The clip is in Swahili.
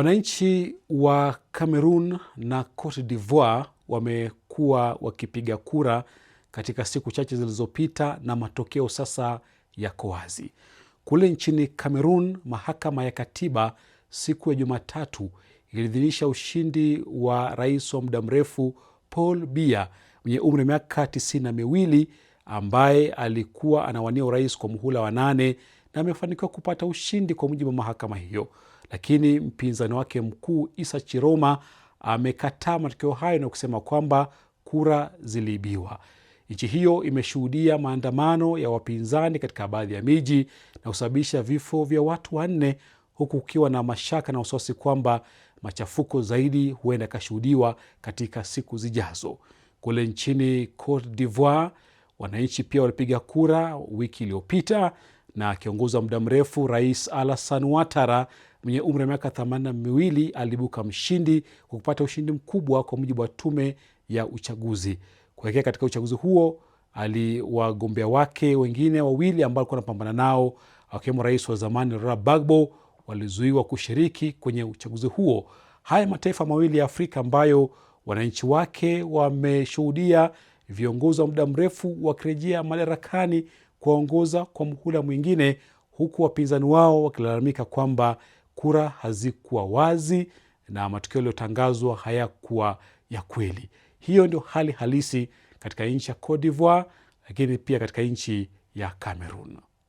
Wananchi wa Cameroon na Cote d'Ivoire wamekuwa wakipiga kura katika siku chache zilizopita na matokeo sasa yako wazi. Kule nchini Cameroon, mahakama ya katiba siku ya Jumatatu iliidhinisha ushindi wa rais wa muda mrefu Paul Biya mwenye umri wa miaka tisini na miwili ambaye alikuwa anawania urais kwa muhula wa nane na amefanikiwa kupata ushindi kwa mujibu wa mahakama hiyo, lakini mpinzani wake mkuu Isa Chiroma amekataa matokeo hayo na kusema kwamba kura ziliibiwa. Nchi hiyo imeshuhudia maandamano ya wapinzani katika baadhi ya miji na kusababisha vifo vya watu wanne, huku kukiwa na mashaka na wasiwasi kwamba machafuko zaidi huenda yakashuhudiwa katika siku zijazo. Kule nchini Cote d'Ivoire Wananchi pia walipiga kura wiki iliyopita na kiongozi wa muda mrefu Rais Alasan Watara mwenye umri wa miaka themanini na miwili mshindi kwa kupata ushindi mkubwa kwa mujibu wa tume ya uchaguzi. Kuelekea katika uchaguzi huo, aliwagombea wake wengine wawili ambao alikuwa anapambana nao wakiwemo rais wa zamani Laurent Gbagbo walizuiwa kushiriki kwenye uchaguzi huo. Haya mataifa mawili ya Afrika ambayo wananchi wake wameshuhudia viongozi wa muda mrefu wakirejea madarakani kuwaongoza kwa mhula mwingine, huku wapinzani wao wakilalamika kwamba kura hazikuwa wazi na matokeo yaliyotangazwa hayakuwa ya kweli. Hiyo ndio hali halisi katika nchi ya Cote d'Ivoire, lakini pia katika nchi ya Cameroon.